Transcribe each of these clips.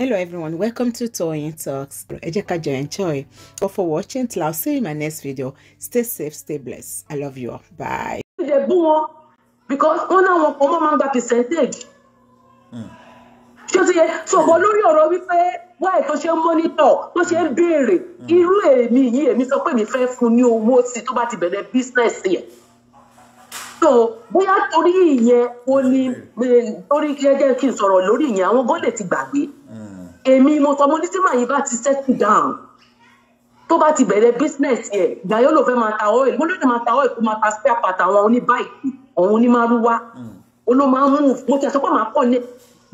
Hello everyone, welcome to Toyeen Talks. Ẹ jẹ́ ká enjoy. But for watching till I'll see you in my next video. Stay safe, stay blessed. I love you all. Bye. Ṣé bú wọn? Because wọ́n náà wọn kọ́ mọ́ máa ń gba percentage. Hmm. Ṣé o ti you hmm. Ṣọ̀bọ̀ lórí ọ̀rọ̀ wípé wáì tó ṣe ń mọ́nítọ̀ tó me ń hmm. béèrè irú èmi yìí èmi sọ pé mi fẹ́ fún ní owó sí tó bá ti bẹ̀rẹ̀ so bóyá torí ìyẹn o ní eh, torí jẹ́jẹ́ kí n sọ̀rọ̀ lórí ìyẹn àwọn gọ́lẹ̀ ti gbàgbé èmi mo sọ mo ní tí màyí bá ti settle down tó bá ti bẹ̀rẹ̀ business yẹ Dayọ̀ ló fẹ́ máa ta oil mo lóde máa ta oil kó máa ta spare part àwọn oníbáìkì àwọn onímárúwá ó ló máa ń mú mo ti àtọ́pọ̀ máa pọ̀ ní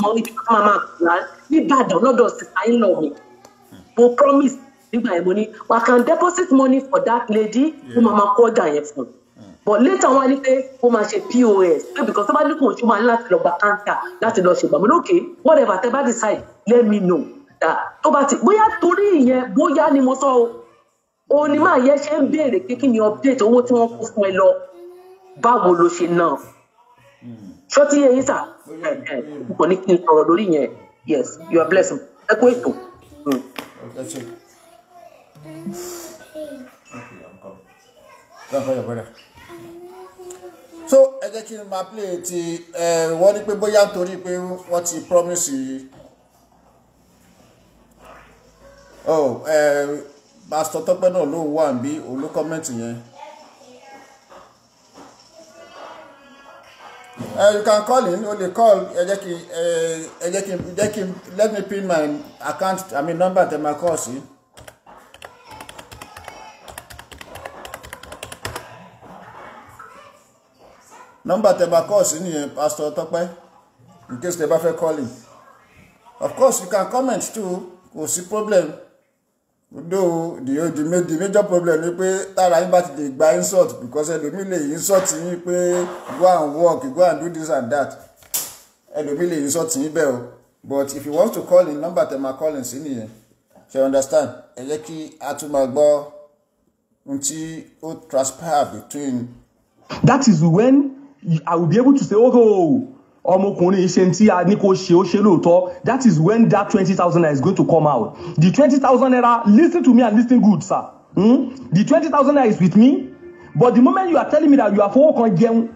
mọ ibi tó máa máa gbà nìbàdàn lọ́dọ̀ sísá yín lọ mi mo promise nígbà yẹn mo ní we can deposit money for that lady ó máa máa kó ọjà yẹn fún un but later wọn ní pé ó máa ṣe pos pé because tó bá ní kò ṣó máa ní láti lọ gba counter láti lọ ṣègbà mo ní okay whatever tẹ bá decide let me know that tó bá ti bóyá torí ìyẹn bóyá ni mo sọ o òun ni máa yẹ ṣe ń béèrè pé kí ni update owó tí wọ́n kó fún ẹ lọ báwo ló ṣe náà ṣọtí yẹn sà kò ní kí n sọ̀rọ̀ lórí yẹn yes you are blessed ẹ kó ètò. Gracias. Hmm. Okay, I'm coming. Gracias, so ẹ jẹ́ kí n máa play ti ẹ wọ́n ní pé bóyá nítorí pé wọ́n ti promise yìí oh ẹ pastor tọ́pẹ́ náà ló wà níbí òun ló kọ́mẹ́ǹtì yẹn. Uh, you can call in only call ẹ jẹ́ kí ẹ jẹ́ kí let me pin my account I mean number tẹ́ máa call sí. nọ́mbà tẹ̀bà kọ́ọ̀sì nìyẹn pásítọ̀ tọ́pẹ́ in case tẹ̀bà fẹ́ calling of course you can comment too kò sí problem though the the the major problem ni pé tára yín bá ti lè gba insult because ẹlòmíì lè insult yín pé go and work go and do this and that ẹlòmíì lè insult yín bẹ́ẹ̀ o but if you want to call in number nọ́mbà tẹ̀bà calling sí nìyẹn ṣe understand ẹ jẹ́ kí a tún máa gbọ́ ohun tí ó transpire between. that is when I will be able to say oh ọmọkùnrin ṣe tí a ní kó ṣe ó ṣe lóòótọ́ that is when that twenty thousand naira is going to come out the twenty thousand naira listen to me and listen good sir hmm? the twenty thousand naira is with me but the moment you are telling me that you are fowó kan jẹun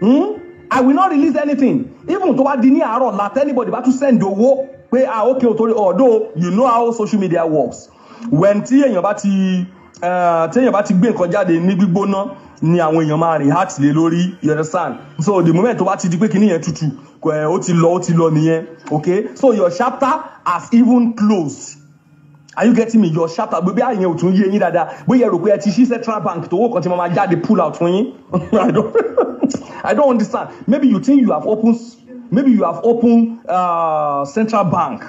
hmm? I will not release anything even tó bá di ní àárọ̀ la anybody bá tún send owó pé ah okay otori although you know how social media works when tí èèyàn bá ti eh, tí èèyàn bá ti gbé nǹkan jáde ní gbígbóná ni àwọn èèyàn máa rìn heart lé lórí you understand so the moment tó bá ti di pé kíní yẹn tutù eh, ó ti lọ ó ti lọ nìyẹn okay so your chapter has even closed are you getting me your chapter gbogbo àyẹ̀wò tún yé yín dáadáa bóyá rò pé ẹ ti ṣí central bank tó owó kan ti máa jáde pull out fún yín i don't i don't understand maybe you think you have opened maybe you have opened uh, central bank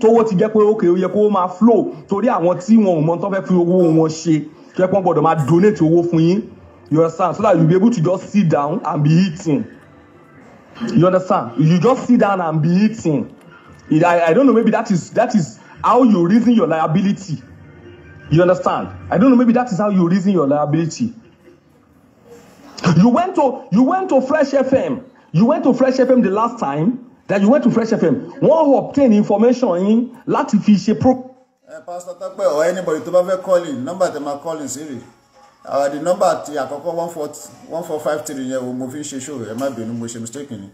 tówó ti jẹ́ pé ókè ó yẹ kó máa flow torí àwọn tí wọn ò mọ tó fẹ́ fi owó wọn ṣe tó yẹ kó gbọ́dọ̀ máa donate owó fún yín You understand? So that you be able to just sit down and be eating. You understand? You just sit down and be eating. I, I don't know, maybe that is that is how you reason your liability. You understand? I don't know, maybe that is how you reason your liability. You went to you went to Fresh FM. You went to Fresh FM the last time that you went to Fresh FM. One who obtain information in láti fi ṣe pro. Ẹ eh, Pastor Tọ́pẹ́ or anybody tó bá fẹ́ call in, nọ́mbà tẹ̀ máa call in sí Uh, the number ti àkọ́kọ́ one four one four five three yẹn o mo fi ń ṣe ṣòro ẹ má bínú mo ṣe mistake ni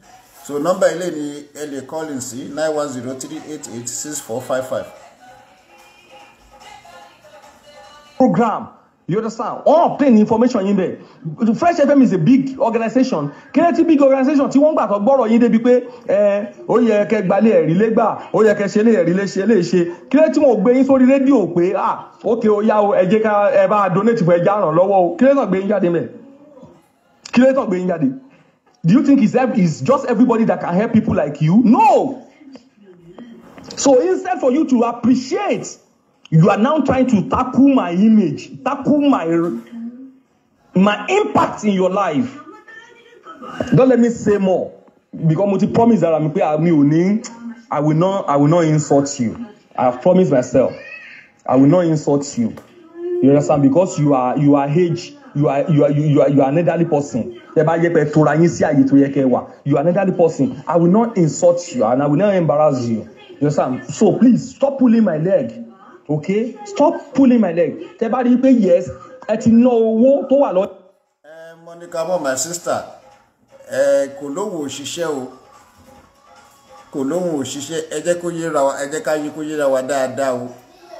so number ilé ni ẹ lè call in sí nine one zero three eight eight six four five five. program You understand? All obtain information yín bẹ́ẹ̀. Fresh FM is a big organisation. Kéré tí big organisation tí wọ́n gbà tó gbọ́rọ̀ yín débi pé ẹ ó yẹ kẹ́ gbalé ẹ̀rí lé gbà ó yẹ kẹ́ ṣe lé ẹ̀rí lé ṣe lé ṣe. Kéré tí wọ́n gbé yín sórí rédíò pé ah ókè ó yá o ẹ jẹ́ ká ẹ bá a donate fún ẹja ràn lọ́wọ́ o. Kéré náà gbé yín jáde mẹ́. Kéré náà gbé yín jáde. Do you think it's, it's just everybody that can help people like you? No! So instead for you to appreciate You are now trying to tackle my image, tackle my my impact in your life. Don't let me say more because mo ti promise that mi pé ah, mi ò ní I will not I will not insult you. I have promised myself I will not insult you. You understand because you are you are age you are you are you are you are an elderly person tẹ yẹ pé tora yín sí àyè tó yẹ kẹ́ wà you are an elderly person I will not insult you and I will not embarrass you you understand so please stop pulling my leg okay stop pulling my leg tẹ bá rí i pé yes ẹ ti ná owó tó wà lọ. ẹ Monica mo my sister ẹ kò lóhùn òṣìṣẹ́ o kò lóhùn òṣìṣẹ́ ẹ jẹ́ kó yéra wa ẹ jẹ́ ká yí kó yéra wa dáadáa o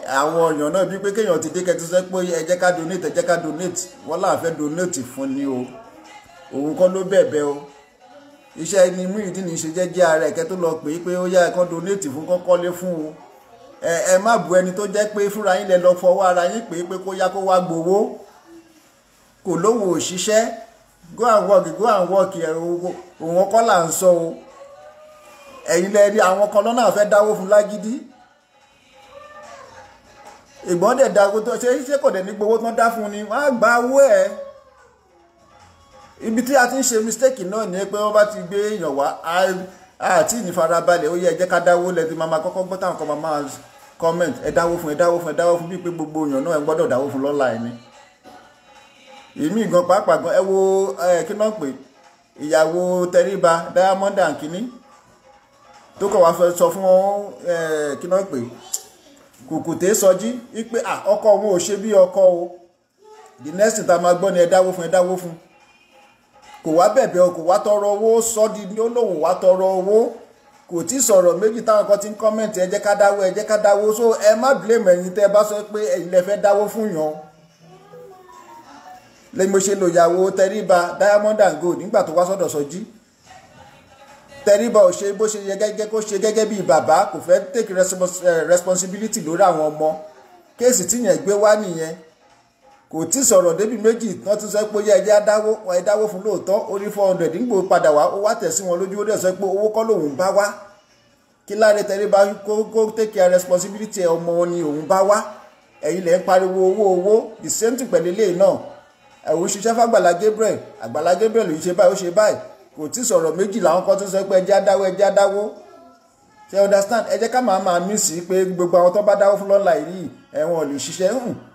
àwọn èèyàn náà bíi pé kéèyàn ti dé kẹtí sẹ pé ẹ jẹ́ ká donate ẹ jẹ́ ká donate wọ́n láà fẹ́ donate fún ni o òun kọ́ ló bẹ̀bẹ̀ o iṣẹ́ ni Muyideen ṣe jẹ́ jẹ́ ara ẹ̀kẹ́ tó lọ pè é pé ó yá ẹ̀kan donate fún kọ́kọ́lé fún o. ẹ má bu ẹni tó jẹ́ pé fúnra yín lẹ lọ fọwọ́ ara yín pé pé kó yá kó wá gbowó kò lówó òṣìṣẹ́ go and work go and work òun kọ́ là ń sọ o ẹ̀yin lẹ rí àwọn kan lọ́nà fẹ́ dáwó fún lágídí ìgbọ́n dẹ̀ dago tó ṣe ṣé kò dẹ̀ ní gbowó tán dá fún ni wọ́n á gba owó ẹ̀ ibi tí a ti ń ṣe mistake náà ni pé wọ́n bá ti gbé èèyàn wá àti ìfarabalẹ̀ ó yẹ ẹ ká dáwó máa máa kọ́kọ́ gbọ́ táwọn kan máa máa comment ẹ dáwó fún ẹ dáwó fún ẹ dáwó fún bíi pé gbogbo èèyàn náà ẹ gbọ́dọ̀ dáwó fún lọ́la ẹni èmi gan pàápàá gan ẹ wo ẹ kí náà pè ìyàwó tẹríba diamond and kínní tó kọ̀ wá fẹ́ sọ fún ẹ kí náà pè kùkùté sọjí wípé ọkọ òun ò ṣe bí ọkọ o the next thing tá a máa gbọ́ ni ẹ dáwó fún ẹ dáwó fún kò wá bẹ̀bẹ̀ o kò wá tọrọ owó sọ́ọ́dì ni ó lòun wá tọrọ owó kò tí sọ̀rọ̀ méjì táwọn kan ti ń kọ́mẹ̀ntì ẹ jẹ́ ká dáwó ẹ jẹ́ ká dáwó so ẹ má blame ẹ̀yin tẹ́ ẹ bá sọ pé ẹ̀yin lẹ fẹ́ dáwó fún yàn lẹ́mi ṣe lo ìyàwó tẹríba diamond and gold nígbà tó wá sọ́dọ̀ sọjí tẹríba ò ṣe bó ṣe yẹ gẹ́gẹ́ kó ṣe gẹ́gẹ́ bíi bàbá kò fẹ́ take eh, responsibility lórí àwọn ọmọ kéèsì tíyẹn gbé wá nìyẹn kò tí sọ̀rọ̀ débi méjì wọ́n tún sọ pé yẹ ẹjẹ́ dáwó ẹ dáwó fún lóòótọ́ ó ní four hundred nígbò padà wá ó wá tẹ̀ sí wọn lójú ó dẹ̀ sọ pé owó kọ́ lòun bá wá kí Lanre Tẹríba kó kó take care responsibility ọmọ wọn ni òun bá wá ẹ̀yin lẹ̀ ń pariwo owó owó the same thing pẹ̀lú eléyìí náà ẹ̀wọ̀n ṣiṣẹ́ fàgbàlá Gabriel àgbàlá Gabriel yìí ṣe báyìí ó ṣe báyìí kò tí sọ̀rọ̀ méjì làwọn kan tún sọ pé ẹjẹ́ dáwó ẹjẹ́ dáwó ṣe understand ẹ jẹ́ ká máa máa mí sí pé gbogbo àwọn tó bá dáwó fún lọ́la yìí ẹ̀wọ̀n ò lè ṣiṣẹ́ hùn hmm.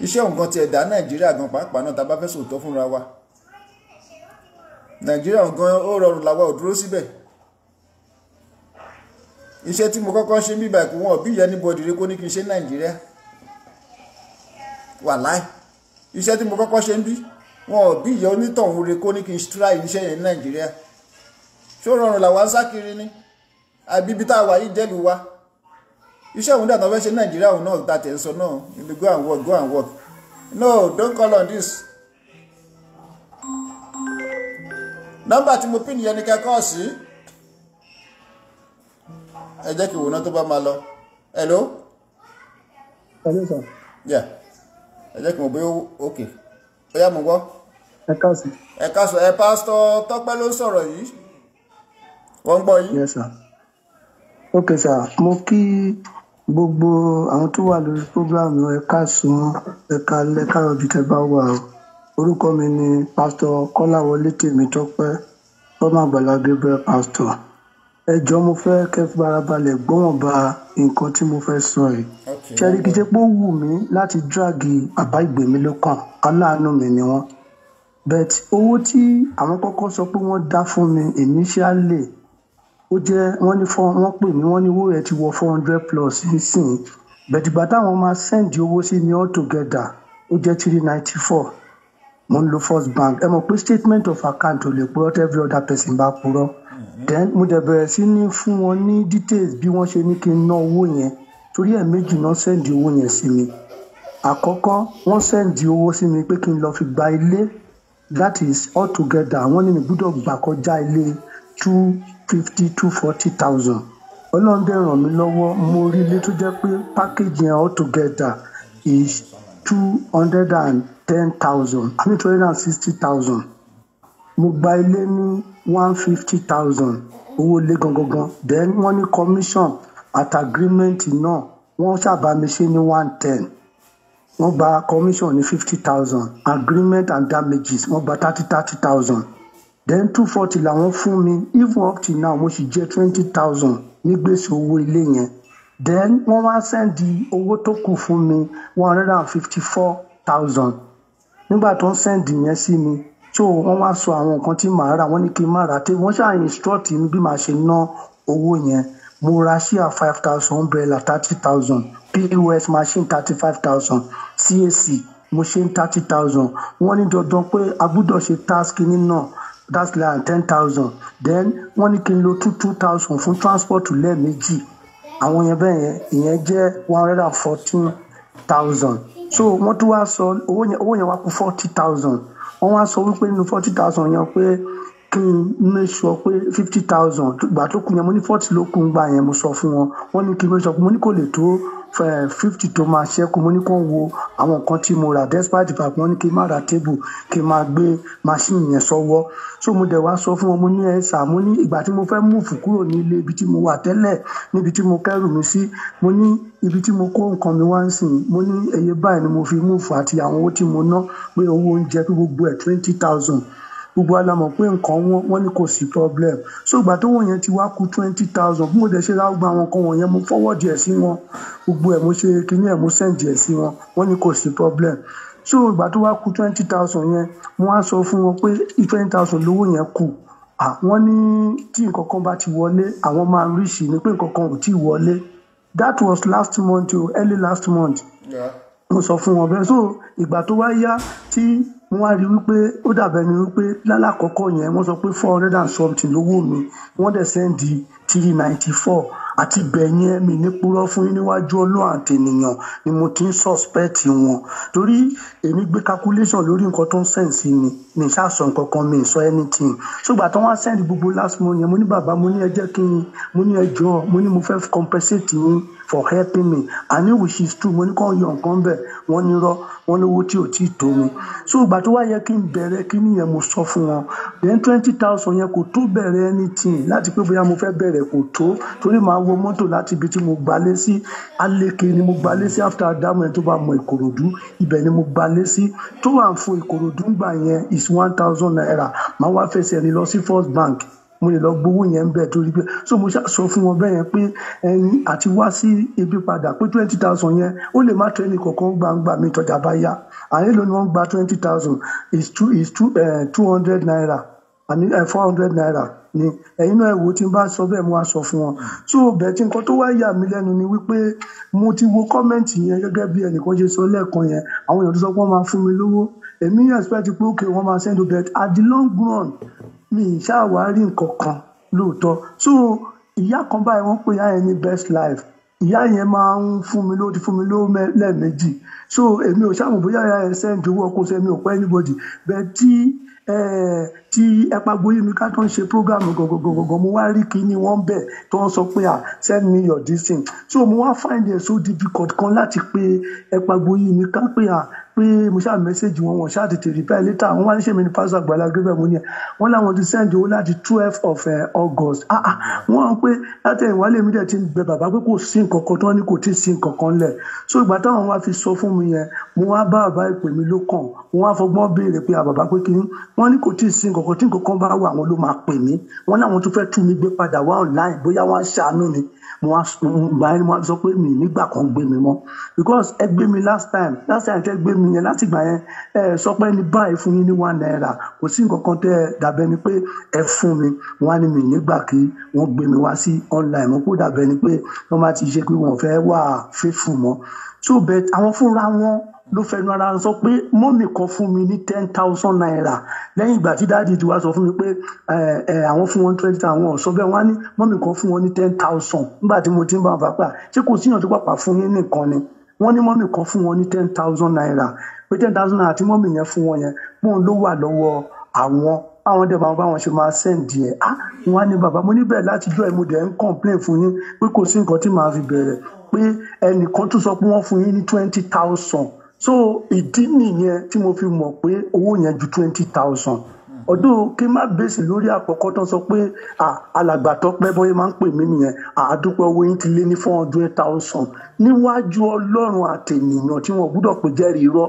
iṣẹ́ nǹkan ti ẹ̀dá nàìjíríà gan pàápàá náà tá a bá fẹ́ sòótọ́ fúnra wa nàìjíríà gan ó rọrùn làwa ò dúró síbẹ̀ iṣẹ́ tí mo kọ́kọ́ ṣe bíbà kò wọ́n bí ìyá níbọ̀dì rẹ kó ní kí n ṣe nàìjíríà wàláì iṣẹ́ tí mo kọ́kọ́ ṣe ń bí wọn ò bí ìyá onítọ̀hún rẹ kó ní kí n try iṣẹ́ yẹn ní nàìjíríà ṣó rọrùn làwa ń sá kiri ni àbíbi tá a wà yìí jẹ́lu wa iṣẹ́ òun dàtọ̀ fẹ́ ṣe nàìjíríà òun náà ta tẹ̀ ń sọ náà you dey go and work go and work no don't call on this. nọ́mbà tí mo pín nìyẹn ni kẹ́kọ́ sí ẹ jẹ́ kí ìwòran tó bá máa lọ hello. hello sir. yeah ẹ jẹ́ kí mo gbé òkè bóyá mo gbọ́. ẹ káàsì. ẹ káàsì ẹ pásítọ̀ tọ́pẹ́ ló sọ̀rọ̀ yìí wọ́n ń gbọ́ yes sir ok sir mo kí gbogbo àwọn tó wà lórí program ẹ káàsán ẹ káalẹ́ káàárọ̀ bí tẹ́ bá wà o orúkọ mi ni pásítọ̀ kọ́láwọlé tèmítọ́pẹ́ ọmọ àgbàlá gabriel pásítọ̀ ẹ jọ mo fẹ́ kẹ́ farabalẹ̀ gbọ́wọ̀nba nǹkan tí mo fẹ́ sọ yìí ṣẹríkìtì pé wù mí láti dragi bàbá ìgbèmí ló aláàánú mi ni wọ́n bẹ́ẹ̀ owó tí àwọn kọ́kọ́ sọ pé wọ́n dá fún mi initially ó jẹ́ wọ́n ní fọ́ wọ́n pè mí wọ́n ní owó rẹ̀ ti wọ four hundred plus nísìnyí bẹ̀dìgbà táwọn máa send owó sí ní all together ó jẹ́ three ninety four mo ń lo first bank ẹ mọ̀ pé statement of account ò lè purọ́ tẹ́fí other person bá purọ́ mm-hmm. then mo dẹ̀ bẹ̀rẹ̀ sí ní fún wọn ní details bí wọ́n ṣe ní kí n ná owó yẹn torí ẹ̀ méjì náà sẹ́ǹdì owó yẹn sí mi àkọ́kọ́ wọ́n sẹ́ǹdì owó sí mi pé kí n lọ fi gba ilé that is all together wọ́n ní mi gbúdọ̀ gbà kọjá ilé two fifty to forty thousand ọlọ́run dẹ̀ ràn mí lọ́wọ́ mo rí ilé tó jẹ́ pé package yẹn all is two hundred and ten thousand i mean two hundred and sixty thousand mo gba ilé ní one fifty thousand owó ilé gangan then wọ́n ní commission at agreement náà wọ́n ṣàbá mi ṣe ní one ten wọ́n gba commission ní fifty thousand agreement and damages wọ́n gba thirty thirty thousand then two forty làwọn fún mi even up till now mo sì jẹ twenty thousand ní gbèsè owó ilé yẹn then wọ́n wá sẹ́ndì owó tó kù fún mi one hundred and fifty four thousand nígbà tó ń sẹ́ndì yẹn sí mi so wọ́n wá sọ àwọn nǹkan tí màá rà wọ́n ní kí n má rà tí wọ́n ṣáà instruct mi bí màá ṣe ná owó yẹn mo ra ṣíà five thousand umbrella thirty thousand pos machine thirty five thousand cac mo ṣe ń thirty thousand wọ́n ní dandan pé a gbúdọ̀ ṣe task nínú náà that's like ten thousand then wọ́n ní kí n lo two two thousand fún transport lẹ́ẹ̀mejì àwọn yẹn bẹ́ẹ̀ yẹn ìyẹn jẹ́ one hundred and fourteen thousand so wọ́n tún wá sọ owó yẹn owó yẹn wá kù forty thousand wọ́n wá sọ wípé nínú forty thousand yẹn pé kí n make sure pé fifty thousand gbà tó kù yẹn mo ní forty ló kù ń gbà yẹn mo sọ fún wọn wọ́n ní kí n make sure pé mo ní kò lè tó fifty tó máa ṣẹ́kù mo ní kó wo àwọn nǹkan tí mo rà despite the fact ní kí n má ra table kí n máa gbé machine yẹn sọ́wọ́ so mo dẹ̀ wá sọ fún wọn mo ní ẹ̀sà mo ní ìgbà tí mo fẹ́ múùfù kúrò ní ilé ibi tí mo wà tẹ́lẹ̀ níbi tí mo kẹ́rù mi sí mo ní ibi tí mo kó nǹkan mi wá ń sìn mo ní ẹyẹ báyìí ni mo fi múùfù àti àwọn owó tí mo ná pé owó oúnjẹ gbogbo ẹ̀ twenty thousand gbogbo wa pé nǹkan wọn wọn kò sí problem so ìgbà tó wọ̀nyẹn ti wá ku twenty thousand bí mo dẹ̀ ṣe lágbà àwọn kan wọ̀nyẹn mo fọwọ́ díẹ̀ sí wọn gbogbo ẹ̀ mo ṣe kíní ẹ̀ mo send díẹ̀ sí wọn wọn ní kò sí problem so ìgbà tó wá ku twenty thousand yẹn mo wá sọ fún wọn pé twenty thousand lówó yẹn kù àwọn ní tí nǹkan kan bá ti wọlé àwọn máa rí sí ni pé nǹkan kan ò tí ì wọlé that was last month o oh, early last month mo sọ fún wọn bẹ́ẹ̀ so ìgbà tó wá yá tí wọ́n á rí wípé ó dàbẹ̀ ni wípé lálàkọ́kọ́ yẹn wọ́n sọ pé four hundred and something lówó mi wọ́n dẹ̀ sẹ́ndì three ninety four àti bẹ̀yẹn mi ní purọ́ fún yín níwájú ọlọ́run àtẹnìyàn ni mo ti ń suspect wọn torí èmi gbé calculation lórí nǹkan tó ń sẹ̀nsì ni mi ṣàṣọ nǹkan kan mi sọ anything ṣùgbọ́n àtọ́ wọn á send gbogbo last month yẹn mo ní bàbá mo ní ẹ jẹ́ kí n mo ní ẹjọ́ mo ní mo fẹ́ compensate yín for helping me i know which is true mo ní kàn yọ nǹkan bẹ̀ wọ́n ní rọ́ wọ́n lówó tí ò tí ì tó mi so ìgbà tó wá yẹ kí n bẹ̀rẹ̀ kí nìyẹn mo sọ fún wọn then twenty thousand yẹn kò tó bẹ̀rẹ̀ anything láti pé bóyá mo fẹ́ bẹ̀rẹ̀ kò tó torí màá wọ mọ́tò láti ibi tí mo gbalé sí aléke ni mo gbalé sí after adamu yẹn tó bá mọ ìkòròdú ibẹ̀ ni mo gbalé sí tó wà fún ìkòròdú gbà yẹn is one thousand naira màá wá fẹsẹ̀ rìn lọ sí first bank mo lè lọ gbowó yẹn bẹ́ẹ̀ torí pé so mo sọ fún wọn bẹ́ẹ̀ yẹn pé ẹni àti wá sí ibi padà pé twenty thousand yẹn ó lè má tẹ́ni kọ̀ọ̀kan gbangba mi tọ́jà bá yá àyìn ló ni wọ́n gba twenty thousand is two is two eh, two hundred naira àmì eh, four hundred naira ni ẹ̀yin náà wo tí n bá sọ bẹ́ẹ̀ mo á sọ fún wọn so bẹẹtì nǹkan tó wá yà mí lẹ́nu ni wípé mo ti wo kọmẹǹtì yẹn gẹ́gẹ́ bí ẹnìkan ṣe sọ lẹ́ẹ̀kan yẹn àwọn èèyàn tó sọ pé wọ́n máa fún mi lówó èmi expect pé okay wọ́n máa send o bet at the long run mi ì ṣáà wá rí nǹkan kan lóòótọ́ so ìyá kan báyìí wọ́n pè ìyá yẹn ní best life ìyá yẹn máa ń fún mi ló ti fún mi ló lẹ́ẹ̀mejì so èmi ò ṣàmù bóyá ìyá yẹn send owó ọkọ sẹ́mi ò pẹ́ anybody bẹ́ẹ̀ tí tí ẹ̀pà gboyèmíká tó ń ṣe program gọ̀gọ̀gọ̀gọ̀ mo wá rí kíní wọ́n bẹ̀ tó ń sọ pé à send me your this so mo wá find it so difficult kan láti pe ẹ̀pà gboyèmíká pé à pé mo ṣáà mẹ́sẹ̀gì wọn wọn ṣáà tètè reply later wọn wá ní ṣèmi ní pásítọ̀ Àgbàlá Gabriel mo ní ẹ̀ wọ́n láwọn ti send owó láti twelve of eh, August ah ah wọ́n hàn pé látẹ̀yìn wálé mi dẹ̀ ti ń bẹ bàbá pé kò sí nǹkan kan tó ní kò tí ì sí nǹkan kan lẹ̀ so ìgbà táwọn wá fi sọ fún mi yẹn mo wá bá bàbá ìpè mi ló kàn wọ́n wá fọgbọ́n béèrè pé àbàbá pé kí wọ́n ní kò tí ì sí nǹkan kan tí nǹkan kan bá wà àwọn ló máa pè mí wọ́n láwọn tún fẹ́ tú mi gbé padà wá online bóyá wọ́n á ṣàánú mi mo wá gbà sọ pé mi nígbà kan gbé mi mọ́ because ẹ gbé mi last time last time tẹ gbé mi yẹn láti gbà yẹn ẹ sọ pé ẹni báyìí fún yín ní one naira kò sí nǹkan kan tẹ ẹ dàbẹ ni pé ẹ fún mi wọn á ní mi nígbà kí wọn gbé mi wá sí online mo kó dàbẹ ni pé wọn bá ti ṣe pé wọn fẹ́ wà faithful mọ́ so bẹ́ẹ̀ àwọn fúnra wọn ló fẹnu ara sọ pé mọ́mì kan fún mi ní ten thousand naira lẹ́yìn ìgbà tí dáàdi ti wá sọ fún mi pé àwọn fún wọn twenty àwọn ọ̀sọ́ bẹ́ẹ̀ wọ́n á ní mọ́mì kan fún wọn ní ten thousand nígbà tí mo ti ń bá wọn pàápàá ṣé kò síyàn tó pàpà fún yín nìkan ni wọ́n ní mọ́mì kan fún wọn ní ten thousand naira pé ten thousand naira tí mọ́mì yẹn fún wọn yẹn bóun ló wà lọ́wọ́ àwọn àwọn dẹ̀ máa bá wọn ṣe máa sẹ́ǹdì ẹ̀ á wọn á ní bàbá mo níbẹ̀ láti jọ ẹ̀ mo dẹ̀ ń kọ̀ǹplẹ̀n fún yín pé kò sí nǹkan tí màá fi bẹ̀rẹ̀ pé ẹnìkan tún sọ pé wọ́n fún yín ní twenty thousand so ìdí nìyẹn tí mo fi mọ̀ pé owó yẹn ju twenty thousand ọdún kí n má bèsì e lórí àkọ́kọ́ tán sọ pé alàgbàtọ́ pẹ́ bóyá máa ń pè mí nìyẹn àádúpẹ́ owó yín ti lé ní four hundred thousand níwájú ọlọ́run àtẹ̀nìyàn tí wọ́n gbúdọ̀ pé jẹ́rìí irọ́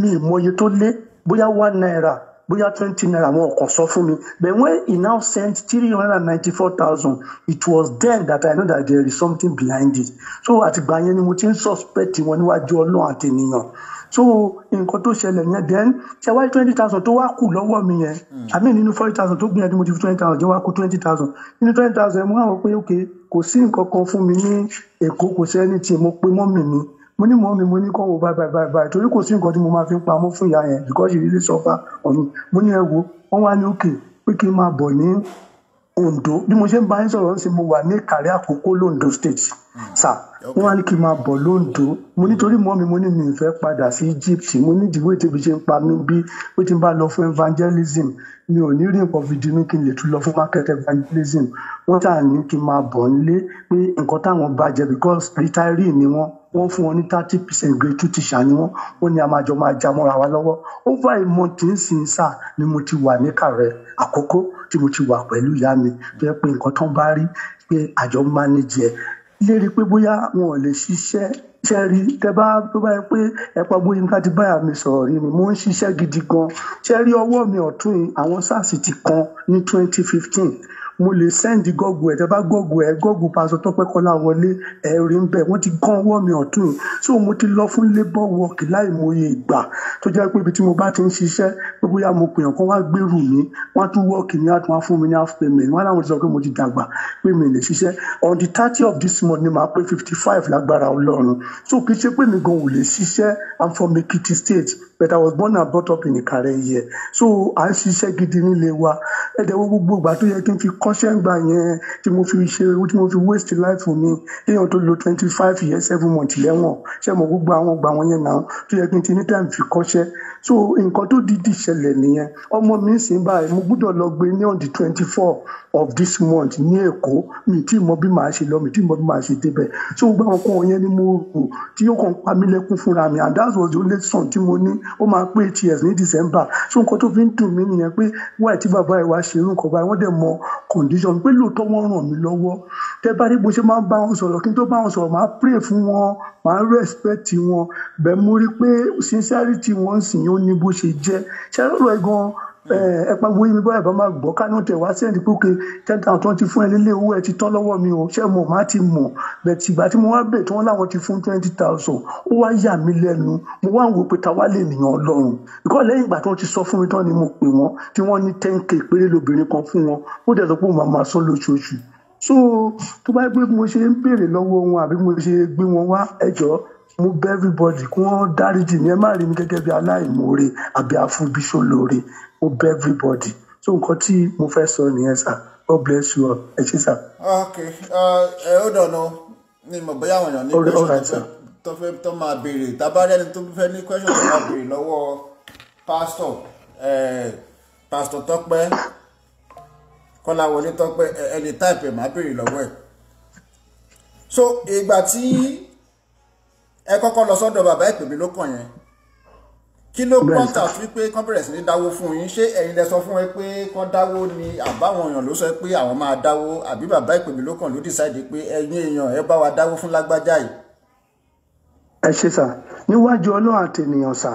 mi ìmọye tó lé bóyá one naira bóyá twenty naira wọn kò sọ fún mi but when he now sent three hundred and ninety-four thousand it was then that I know that there is something behind it so àtìgbà yẹn ni mo ti ń suspect wọn níwájú ọlọ́run àtẹ̀nìyàn so nǹkan tó ṣẹlẹ̀ yẹn then ṣe wáyé twenty thousand tó wá kù lọ́wọ́ mi yẹn hmm. mean nínú forty thousand tó gbìyànjú mo ti fi twenty thousand jẹ́ wá kù twenty thousand nínú twenty thousand mo hàn wọ́n pé ok kò sí nǹkan kan fún mi ní èkó kò sẹ́ni tí mo pe mọ́ mi ni mo ní mọ́ mi mo ní kọ́ wo báyìí báyìí báyìí torí kò sí nǹkan tí mo máa fi pamọ́ fún ìyá yẹn because she really suffer ọ̀hún mo ní ẹ wo wọ́n wá ní òkè pé kí n máa bọ̀ ní Ondo bí mo ṣe ń bá yín sọ̀rọ̀ ṣe mo wà ní kàrí àkókò londo state hmm. sà wọ́n á ní kí n máa bọ̀ londo mo nítorí mọ́ mi mo ní mi ìfẹ́ padà sí Egypt mo ní ìdìbò ètò ṣe ń pa mí bí ó ti ń bá lọ fún evangelism mi ò ní rí nǹkan fìdí inú kí n lè tún lọ fún market evangelism wọ́n tà ní kí n máa bọ̀ nílé pé nǹkan táwọn bàjẹ́ because retiree ni wọ́n wọ́n fún wọn ní thirty percent gratuity ṣàní wọn wọ́n ní a máa jọ máa já mọ́ra wa lọ́wọ́ over a month nsìn sáà ni mo ti wà ní kàrẹ́ àkókò tí mo ti wà pẹ̀lú ìyá mi tó yẹ pé nǹkan tán bá rí pé àjọ manage ẹ̀ lérí pé bóyá wọn ò lè ṣiṣẹ́ iṣẹ́ rí tẹ bá tó bá yẹ pé ẹ̀pọ̀ gbóyinka ti báyà mi sọ̀rọ̀ rí ni mò ń ṣiṣẹ́ gidi gan ṣẹ́ rí ọwọ́ mi ọ̀tún yìí àwọn SARS ti kan ní twenty fifteen mo lè sẹ́ndì gọ́ọ̀gù ẹ̀ tẹ́ bá gọ́ọ̀gù ẹ̀ gọ́ọ̀gù pásọ tọ́pẹ́ kọ́lá wọlé ẹ̀rí ń bẹ̀ wọ́n ti gán ọwọ́ mi ọ̀tún so mo ti lọ fún labour work láìmọye ìgbà tó jẹ́ pé ibi tí mo bá ti ń ṣiṣẹ́ pé bóyá mo pèèyàn kan wá gbèrú mi wọ́n tún work mi á fún mi ní half payment wọ́n láwọn ti sọ pé mo ti dàgbà pé mi lè ṣiṣẹ́ on the thirty of this month ni màá pé fifty five lágbára ọlọ́run so kì í ṣe pé mi gan ò lè ṣiṣẹ́ I'm from Ekiti state but I was born and brought up in Ìkàrẹ́ yẹ so à ń ṣiṣẹ́ gidi nílé wa ẹ̀dẹ̀ wo gbogbo ìgbà tó yẹ kí n fi kọ́ṣẹ́ gbà yẹn tí mo fi ṣe tí mo fi waste life mi léèyàn tó lo twenty five years seven months lẹ́wọ̀n ṣé mo gbogbo àwọn gbà wọ́n yẹn náà tó yẹ kí n ti ní time fi kọ́ṣẹ́ so nǹkan tó dídì ṣẹlẹ̀ nìyẹn ọmọ mi ń sìn báyìí mo gbúdọ̀ lọ gbé ní on the twenty four of this month ní Èkó mi tí mo bí màá ṣe lọ mi tí mo bí màá ṣe débẹ̀ so gbogbo àwọn kan yẹn ni mo rò tí yóò kàn pa mí lẹ́kún fúnra mi and that was the only son tí mo ní ó máa pé eight years ní december so nǹkan tó fi ń dùn mí nìyẹn pé wáyé tí bàbá ẹ̀ wá ṣe irú nǹkan báyìí wọ́n dẹ̀ mọ condition pé lóòótọ́ wọ́n ràn mí lọ́wọ́ tẹ́ bá rí bó ṣe máa ń bá wọn sọ̀rọ̀ kí n tó bá wọn sọ̀rọ̀ máa pray fún wọn máa respect wọn bẹ́ẹ̀ mo rí pé sincerity wọn sì ń ní bó ṣe jẹ́ ṣé lọ́rọ̀ ẹ̀ gan-an ẹ̀pá wo yín báyìí bá máa gbọ́ kánú tẹ̀ wá sẹ́ndì pókè ten thousand twenty fún ẹ nílé owó ẹ ti tán lọ́wọ́ mi o ṣé mo máa ti mọ̀ bẹ̀tì ìgbà tí mo wá bẹ̀ tí wọ́n láwọn ti fún twenty thousand ó wá yà mí lẹ́nu mo wá ń wò pé táwa lè nìyàn ọlọ́run ìkọ́ lẹ́yìn ìgbà tí wọ́n ti sọ fún mi tán ni mo pè wọ́n tí wọ́n ní ten k péré lóbìnrin kan fún wọn ó dẹ̀ sọ pé mo máa sọ lóṣooṣù so tó bá gbé mo ṣe ń béèrè lọ́wọ́ wọn àbí mo ṣe gbé wọn wá ẹjọ́ mo bẹ̀ everybody kí wọ́n dáríjì mi ẹ má rí mi gẹ́gẹ́ bí aláìmoore àbí afúnbíṣólóore mo bẹ̀ everybody so nǹkan tí mo fẹ́ sọ nìyẹn sà god bless you all ẹ ṣé sà. ok uh, ẹ ó dọ̀nà ni mo bóyá àwọn èèyàn ní question tó fẹ́ tó máa béèrè tábàárẹ́ni tó fẹ́ ní question tó máa béèrè lọ́wọ́ pastor pásítọ̀ tọ́pẹ́ kọ́láwọlé tọ́pẹ́ ẹ lè táìpẹ̀ máa béèrè lọ́wọ́ ẹ̀ so ìgbà tí ẹ kọ́kọ́ lọ sọ́dọ̀ bàbá ìpè mi ló kàn yẹn kí ló pọ́ńtà wípé kán bẹ̀rẹ̀ sí ní dáwó fún yín ṣé ẹ̀yin lẹ sọ fún ẹ pé kán dáwó ni àbáwọn èèyàn ló sọ pé àwọn máa dáwó àbí bàbá ìpè mi ló kàn ló dìsáìdì pé ẹ̀yin èèyàn ẹ bá wa dáwó fún lágbájá yìí. ẹ ṣe sà níwájú ọlọ́run àtẹnìyàn sà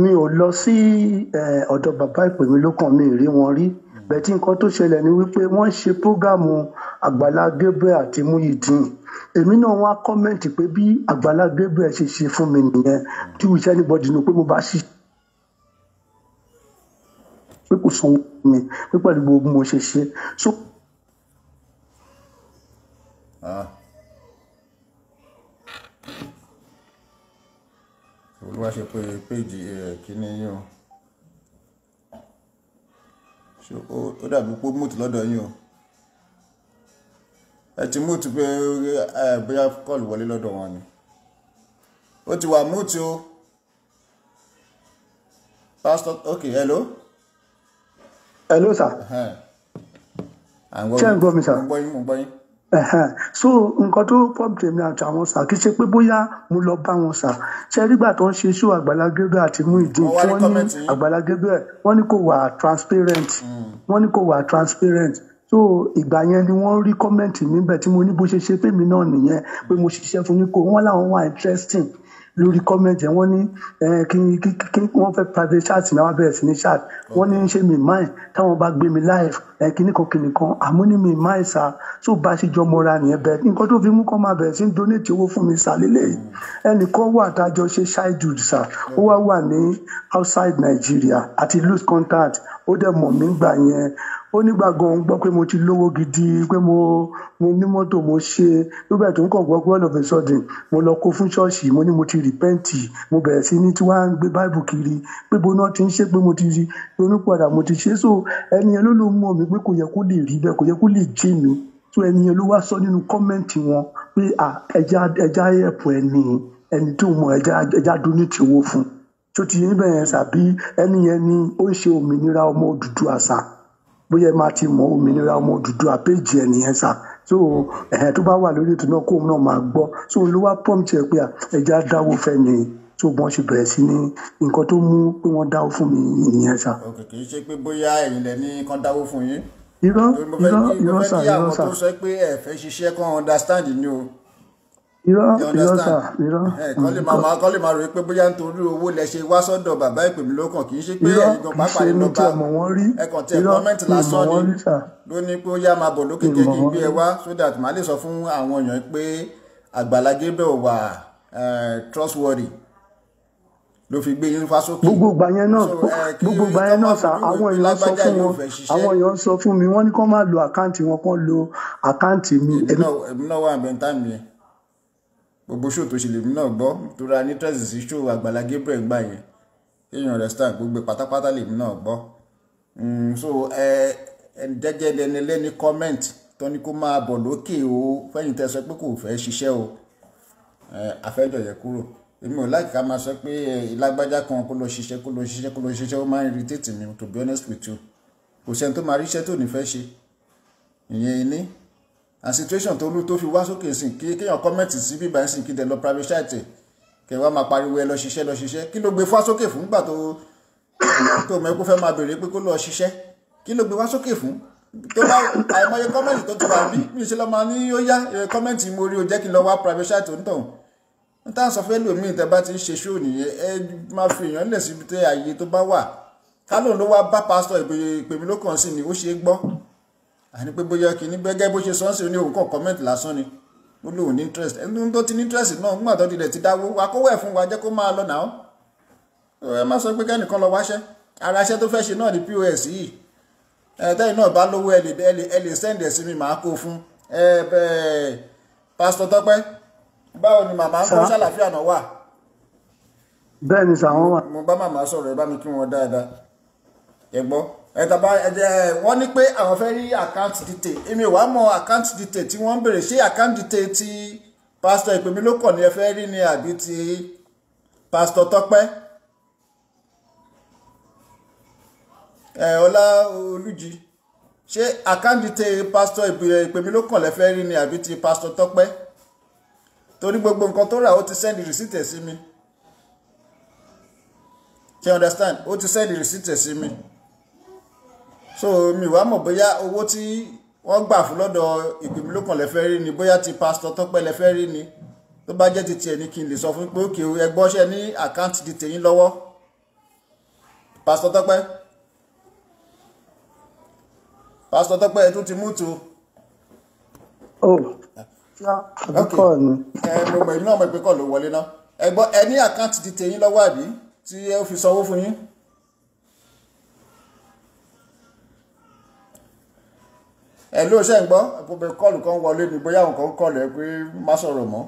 mi ò lọ sí ọ̀dọ̀ bàbá ìpè mi ló kàn mi rí wọn rí bẹ̀tí nǹkan tó ṣẹlẹ̀ ni wípé wọ́n ṣe prógáàmù Àgbàlá àti Muyideen èmi náà wá kọ́mẹ̀ntì pé bí Àgbàlá Gabriel ṣe ṣe fún mi nìyẹn tí wù sẹ́ni bọ́dì nù pé mo bá ṣì pé kò sanwó mi pé pẹ̀lú gbogbo mo ṣe ṣe so. Ah. olúwa ṣe pé péjì kínní yín o ó dàbí pé mò ń lọ́dọ̀ yín o ẹ ti múùtù pé ẹ bóyá kọ́ọ̀lù wọlé lọ́dọ̀ wọn ni ó ti wà múùtù o pastor ok hello. hello sir. ṣé ń gbọ́ mi sir. mo gbọ́ yín mo gbọ́ yín. so nǹkan tó prompt èmi àti àwọn sà kì í ṣe pé bóyá mo lọ bá wọn sà ṣe nígbà tó ń ṣe iṣu Àgbàlá Gabriel àti Muyideen tí wọ́n ní Àgbàlá Gabriel wọ́n kò wà transparent wọ́n ní kò wà transparent. Mm so ìgbà yẹn ni wọ́n rí kọ́mẹ́ǹtì mi bẹ̀ tí mo ní bó ṣe ṣe fèmí náà nìyẹn pé mo ṣiṣẹ́ fún Yíkó wọ́n láwọn wà interesting lórí kọ́mẹ́ǹtì wọ́n ní eh, kí wọ́n fẹ́ private chat mi àwọn abẹ́rẹ́ sí ní chat wọ́n ní ṣe mi mind táwọn bá gbé mi live eh, kìnnìkan kìnnìkan àmọ́ ní mi mind sá So, bá ṣe jọ mọ́ra nìyẹn bẹ́ẹ̀ nǹkan tó fi mú kọ́ máa bẹ̀rẹ̀ sí ń donate owó fún mi sá lélẹ́yìí ẹnìkan wà tájọ ṣe ṣáìdù sá ó wá wà ní outside Nigeria àti lose contact ó dẹ̀ mọ̀ mí gbà yẹn ó nígbà gan gbọ́ pé mo ti lówó gidi pé mo mo ní mọ́tò mo ṣe ló bẹ̀rẹ̀ tó ń kàn gbọ́ pé all of a sudden mo lọ kó fún ṣọ́ọ̀ṣì mo ní mo ti rìpẹ́ǹtì mo bẹ̀rẹ̀ sí ní tí wọ́n á ń gbé báìbù kiri pé bo náà ti ń ṣe pé mo ti rí ronúpadà mo ti ṣe so ẹni yẹn ló ló mọ̀ mí pé kò yẹ kó lè rí bẹ́ẹ̀ kò yẹ kó lè jí mi tó ẹni yẹn ló wá sọ nínú kọ́mẹ́ǹtì wọn pé ẹja ẹja ẹ̀pù ẹni ẹni tó mọ ẹja ẹja dún ní tìwó fún tó ti yín bẹ́ẹ̀ sàbí ẹni yẹn ni ó ń ṣe òmìnira ọmọ òdùdú àṣà bóyá máa ti mọ òmìnira ọmọ òdùdú àpéjì ẹ̀ nìyẹn sà so ẹ̀hẹ́n tó bá wà lórí ètò náà kóun náà máa gbọ́ so ló wá pọ́ǹtì ẹ̀ pé ẹja dáwó fẹ́ ni tó bọ́n ṣe bẹ̀rẹ̀ sí ní nǹkan tó mú pé wọ́n dáwó fún mi nìyẹn sà. òkè kì í ṣe pé bóyá ẹ̀yin lẹ ní kán dáwó fún yín. irọ́ irọ́ irọ́ sà irọ́ sà. mo fẹ́ kí àwọn tó sọ pé ẹ fẹ́ ṣiṣẹ́ kán understand ni o irọ́ irọ́ sà irọ́. Eh, kọ́lé máa máa kọ́lé máa rò pé bóyá nítorí owó lẹ ṣe wá sọ́dọ̀ bàbá ìpè lókàn kì í ṣe pé ìgbọ̀n pápá ìlú bá ẹ̀kàn tẹ kọ́mẹ́ǹtì lásán ni ló pé ó yá máa bọ̀ lókè kéèké gbé ẹ wá so that màá lè sọ fún àwọn èèyàn pé Àgbàlá Gabriel wà trustworthy ló fi gbé yín fa sókè. gbogbo ìgbà yẹn náà eh, gbogbo ìgbà yẹn náà sà àwọn èèyàn sọ fún wọn àwọn èèyàn sọ fún mi wọn ní kó má lo àkáǹtì wọn kó lo àkáǹtì mi. èmi náà wà bẹ́ẹ̀ tá mi yẹn gbogbo ṣó tó ṣe lèmi náà gbọ́ tó ra ní tẹ́sí sí ṣó Àgbàlá Gabriel gbà yẹn kéèyàn understand gbogbo pátápátá lèmi náà gbọ́ hmm, so ẹ jẹ́jẹ́ ẹni lẹ́ni comment tó ní kó máa bọ̀ lókè o fẹ́yìn tẹ́ sọ pé kò fẹ́ ṣiṣẹ́ o àfẹ́jọ̀ yẹ kúrò èmi ò láì ká máa sọ pé ìlágbájá kan kó lọ ṣiṣẹ́ kó lọ ṣiṣẹ́ kó lọ ṣiṣẹ́ ó máa ń irritate mi to be honest with you kò sẹ́ni tó máa ríṣẹ́ tó ní fẹ́ ṣe ìyẹn ni and situation tó lú tó fi wá sókè sí kí kéèyàn kọ́mẹ̀tì sí bíbá ẹ̀sìn kí dẹ̀ lọ private kẹ̀ wá máa pariwo ẹ lọ ṣiṣẹ́ lọ ṣiṣẹ́ kí ló gbé fá sókè fún gbà tó tó mọ̀ kó fẹ́ máa bèrè pé kó lọ ṣiṣẹ́ kí ló gbé wá sókè fún tó bá àìmọye kọ́mẹ̀ntì tó ti wà bí mi ṣe lọ máa ní ó yá kọ́mẹ̀ntì mo rí o jẹ́ kí n lọ wá private onítọ̀hún n tá à ń sọ fẹ́ lómìn tẹ́ bá ti ń ṣe ṣó nìyẹn ẹ máa fi èèyàn lẹ̀ síbi tẹ́ ààyè tó bá wà kálóun ló wá bá pásítọ̀ ìpèmí ló kàn sí àní pé bóyá kí ní gẹ́gẹ́ bó ṣe sọ́ọ́sì ní òun kàn comment lásán ni ó lóun ní interest ẹni tó ti ní interest náà nígbà tó tilẹ̀ ti dáwó wa kó wẹ̀ fún wa jẹ́ kó máa lọ náà ẹ má sọ pé kẹ́nìkan lọ wáṣẹ́ ara iṣẹ́ tó fẹ́ ṣe náà ni POS yìí ẹ̀ẹ́dẹ́yìn náà bá lówó ẹ lè send ẹ̀ sí mi màá kó fún ẹ bẹ́ẹ̀ pásítọ̀ tọ́pẹ́ báwo ni màmá ń kọ́ sálàfíà náà wà. bẹ́ẹ̀ ni sàwọn wà. mo bá màmá sọ̀rọ̀ ẹ bá mi kí wọn dáadáa ẹ gbọ́ ẹ̀tàbá ẹ̀jẹ̀ wọ́n ní pé àwọn fẹ́ rí account detail èmi ò wá mọ account detail tí wọ́n ń ṣé account detail ti pastor ìpèmí ló kàn ní ẹ fẹ́ rí ni àbí ti pastor tọ́pẹ́ ẹ̀ ọlá olùjì ṣé account detail pastor ìpèmí ló kàn lẹ fẹ́ rí ni àbí ti pastor tọ́pẹ́ torí gbogbo nǹkan tó rà ó ti send receipt ẹ̀ sí mi you understand ó ti send receipt ẹ̀ sí mi. Mm -hmm so mi wá mọ̀ bóyá owó tí wọ́n gbà fún lọ́dọ̀ ìgbìmílókàn lẹ́fẹ́ rí ni bóyá ti pásítọ̀ tọ́pẹ́ lẹ́fẹ́ rí ni tó bá jẹ́ ti tiẹ̀ ni kí n lè sọ fún pé òkè ẹgbọ́n ṣe ní àkáǹtì di tèyín lọ́wọ́ pásítọ̀ tọ́pẹ́ pásítọ̀ tọ́pẹ́ ẹ̀ tún ti mú tu. o oh. àbúkọ ni. ẹ mo mọ̀ iná ọmọ ìpínkọ̀ ló wọlé náà ẹgbọ́n ẹ ní àkáǹtì di tèyín lọ́wọ́ àbí tí ẹ fi sanwó fún yín. ẹ ló ṣe ń gbọ́ gbogbo kọ́ọ̀lù kan wọlé ni bóyá àwọn kan kọ́ọ̀lù ẹ pé má sọ̀rọ̀ mọ́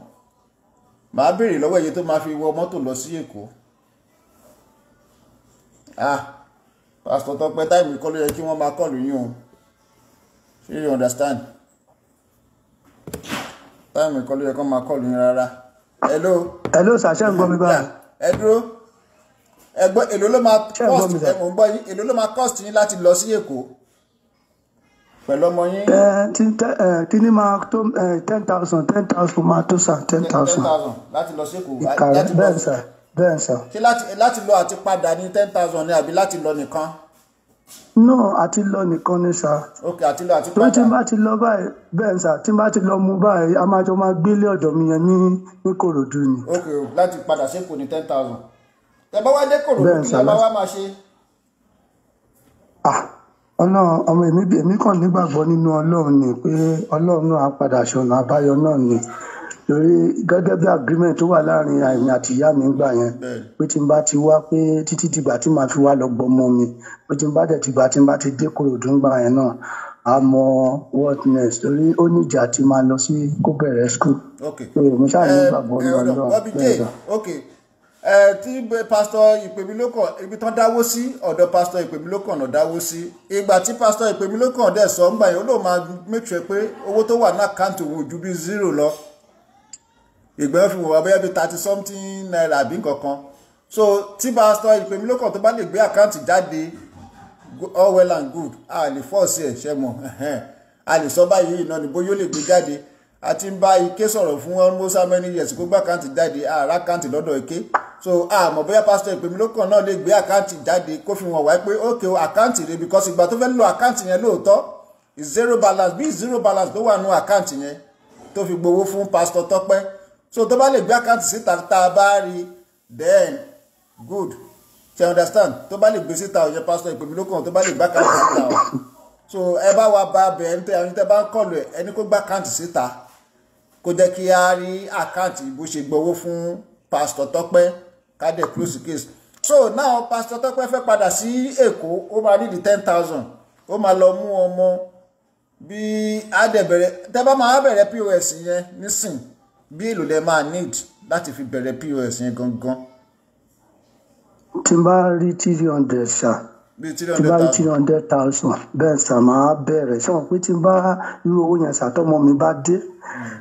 màá béèrè lọ́wọ́ iye tó máa fi wọ mọ́tò lọ sí Èkó ah pásítọ̀ Tọ́pẹ́ táìmù kọ́ ló yẹ kí wọ́n máa kọ́ọ̀lù yín o ṣé you understand táìmù kọ́ ló yẹ kó máa kọ́ọ̀lù yín rárá hello. hello sàṣẹ ń gbọ́ mi báyìí. Ah, ẹ dúró ẹgbọ́n èlò ló máa cost èlò ló máa cost yín láti lọ sí Èkó pẹ̀lú ọmọ yín. kíní máa tó ten thousand ten thousand máa tó sàn ten thousand. láti lọ sékòó. ìkàrà bẹ́ẹ̀ sà bẹ́ẹ̀ sà. ṣé láti lọ àti padà ní ten thousand ni àbí láti lọ nìkan. no àti lọ nìkan ni sà. ok àti lọ àti padà. tó tí n bá ti lọ báyìí bẹ́ẹ̀ sà tí n bá ti lọ mú báyìí a máa jọ máa gbélé ọ̀dọ̀ mi yẹn ní ní Kòròdú ni. ok láti padà sékòó ní ten thousand. tẹ bá wá dé Kòròdú kí ni bá wá máa ṣe. ah ọ̀nà ọmọ èmi bí èmi kàn nígbàgbọ́ nínú ọlọ́run ni pé ọlọ́run náà á padà ṣọ̀nà àbáyọ náà ni lórí gẹ́gẹ́ bí agreement tó wà láàrin àìní àti ìyá mi gbà yẹn pé tí n bá ti wá pé títí dìgbà tí màá fi wá lọ gbọmọ mi pé tí n bá dẹ̀ tìgbà tí n bá ti dé korodu ń gbà yẹn náà a mọ world next lórí ó ní ìjà tí máa lọ sí kó bẹ̀rẹ̀ school. ok so mo ṣáà ní ìgbàgbọ́ ní ọlọ́run. ok tí pásítọ̀ ìpèmílókàn ibi tán dáwó sí ọ̀dọ̀ pásítọ̀ ìpèmílókàn náà dáwó sí ìgbà tí pásítọ̀ ìpèmílókàn dẹ̀ sọ ń gbà yẹn ó lóun máa make sure pé owó tó wà ní àkáǹtì òun ju bíi zero lọ ìgbà yẹn fi wò wá bẹ́ẹ̀ bíi thirty something naira àbí nǹkankan so tí pásítọ̀ ìpèmílókàn tó bá lè gbé àkáǹtì jáde all well and good a lè fọ́ọ̀sì ẹ̀ ṣẹ́ mọ̀ a lè sọ báyìí náà ni bóyá ó lè gbé jáde a ti ń bá ike sọ̀rọ̀ fún almost how many years gbogbo àkáǹtì jáde àrà àkáǹtì lọ́dọ̀ ike so àmọ́ bóyá pásítọ̀ ìpè mi ló kàn náà lè gbé àkáǹtì jáde kó fi wọ́n wáyé pé ok o àkáǹtì rẹ because ìgbà tó fẹ́ lo àkáǹtì yẹn lóòótọ́ zero balance bí zero balance ló wà nù àkáǹtì yẹn tó fi gbowó fún pásítọ̀ tọ́pẹ́ so tó bá lè gbé àkáǹtì síta tá a bá rí then good you understand tó bá lè gbé síta ọ̀yẹ́ pásítọ̀ ìpè ló kàn tó bá lè gbé àkáǹtì síta o so ẹ bá wa bá bẹ̀ ẹ́ ní tẹ́ bá ń kọ̀lù ẹ ní kó gbé àkáǹtì síta kó jẹ́ kí a rí àkáǹtì bó ṣe gbowó fún pásítọ̀ tọ́pẹ́ kádẹ close case so now Pastor tọ́pẹ́ fẹ́ padà sí èkó ó máa nídi ten thousand ó máa lọ mú ọmọ bí adẹ̀bẹ̀rẹ̀ tẹ́ bá máa bẹ̀rẹ̀ pos yẹn nísìn bí èlò lẹ máa need láti fi bẹ̀rẹ̀ pos yẹn gangan. tí n bá rí three hundred ṣáà tí bá rí three hundred thousand bẹ́ẹ̀ sà máa bẹ̀rẹ̀ ṣé wọn pé tí n bá irú owó yẹn sàtọ́mọ mi bá dé hmm.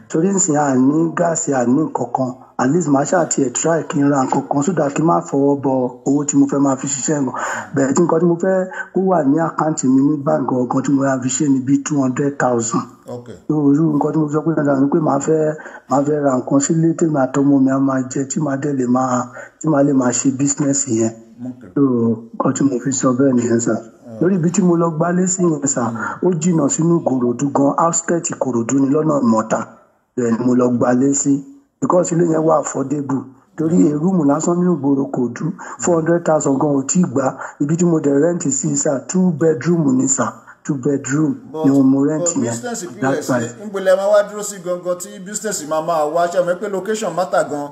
torí nsìn àní gáàsì àní kankan at least màá ṣáà tiẹ̀ try kí n ra nǹkan kan sódà kí n má fọwọ́ bọ owó tí mo fẹ́ máa fi ṣiṣẹ́ mọ̀ bẹ̀rẹ̀ tí nǹkan tí mo fẹ́ kó wà ní àkáǹtì mi ní báńkì ọ̀gán tí mo ra fi ṣe ni bíi two hundred thousand. irú nǹkan tí mo sọ pé dandan ni pé màá fẹ́ màá fẹ́ ra nǹkan sílé tèmi àtọmọ mi á máa jẹ tí màá dẹ̀ lè máa tí màá lè máa ṣe bísínẹ́sì yẹn. nǹkan tí mo fi sọ bẹ́ẹ̀ nìyẹn sà lórí ibi tí mo lọ gbálé sí yẹn sà ó jìnnà sínú Ìkòròdú gan outskirt Ìkòròdú ni lọ́nà Ìmọ̀ta bẹ́ẹ̀ ni mo lọ gbálé sí because ilé yẹn wà affordable torí èrúùmù lásán nínú ìgboro kò dú four hundred thousand gan ò tí ì gbà ibi tí mo dẹ̀ rẹ́ǹtì sí sà two bedroom ni sà two bedroom ni mo rẹ́ǹtì yẹn that's why. ngbèlè máa wá dúró sí gangan tí business máa máa wá ṣe àmọ́ pé location matter gan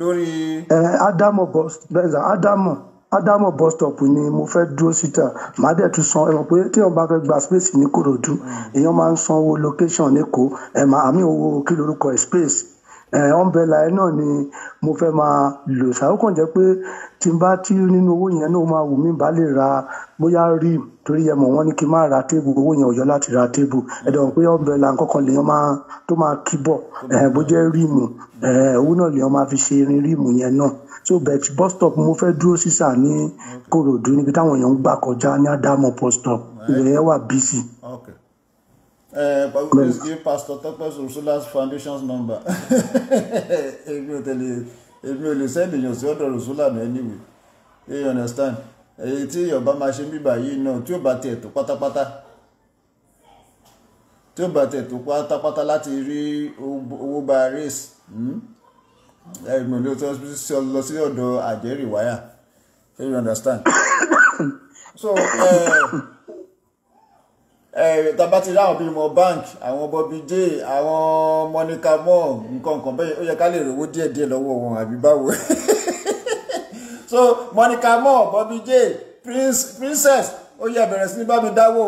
lórí. Adamo ádámọ̀ bus benza Adamo ádámọ̀ bus stop ni mo fẹ́ dúró síta màá dẹ̀ tún san ẹ̀rọ pé téèyàn bá fẹ́ gba space ní Kòròdú hmm. èèyàn máa ń sanwó location ní Èkó ẹ̀ máa àmì owó kí lorúkọ space umbrella yẹn náà ni mo fẹ́ máa lò ṣáà ó kàn jẹ́ pé tí n bá tí nínú owó yẹn náà máa wù mí bá lè ra bóyá rim torí ẹ mọ̀ wọ́n ní kí n má ra tébù owó yẹn ò láti ra tébù ẹ̀dọ̀ pé umbrella kọ̀ọ̀kan lèèyàn máa tó máa kíbọ̀ bó jẹ́ rim owó náà lèèyàn máa fi ṣe irin rim yẹn náà so bet bus stop mo fẹ́ dúró sísà ní Kòròdú níbi táwọn èèyàn ń gbà kọjá ní Àdámọ̀ bus stop ìrẹ̀yẹ wà bísí. Uh, please give Pastor Tọ́pẹ́ Rusula's foundation's number. Èmi ò tell you. ò lè send èèyàn your ọ̀dọ̀ Rusula mi anyway. You understand? Èyí tí èèyàn bá máa ṣe mí báyìí náà tí ò bá tiẹ̀ tó pátápátá. Tí ò bá tiẹ̀ tó pátápátá láti rí owó bá race. Hmm? Èmi ò lè lọ sí ọ̀dọ̀ àjẹrìwáyà. You understand? So. Uh, tá ti rí àwọn bíi mo bank àwọn Bobby J àwọn Monica Moore nǹkan nǹkan bẹ́ẹ̀ ó yẹ ká lè rówó díẹ̀ lọ́wọ́ wọn àbí báwo so Monica Moore Bobby J Prince Princess ó yẹ bẹ̀rẹ̀ sí ní bá mi dáwó